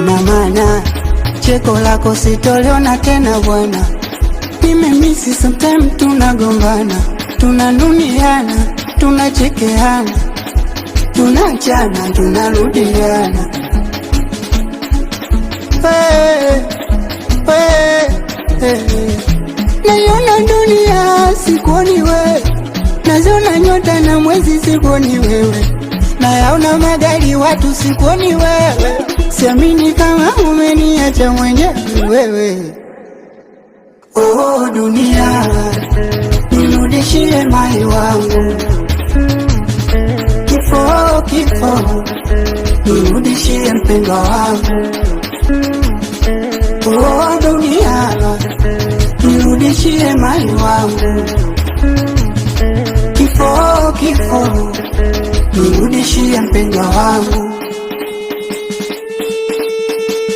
na maana cheko lako sitoliona tena bwana, mimi misi sometimes tunagombana, tunanuniana, tunachekeana, tunachana, tunarudiana hey, Naiona dunia sikuoni wewe, naziona nyota na mwezi sikuoni wewe, nayaona magari watu sikuoni wewe siamini kama umeniacha mwenyewe wewe. Oh dunia, nirudishie mai wangu, kifo kifo, nirudishie mpendwa wangu. Oh dunia, nirudishie mai wangu, kifo kifo, nirudishie mpendwa wangu.